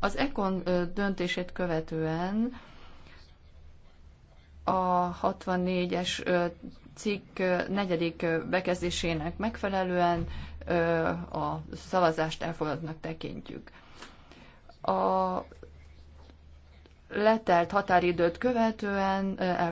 Az ECON döntését követően a 64-es cikk negyedik bekezdésének megfelelően a szavazást elfogadottnak tekintjük. A letelt határidőt követően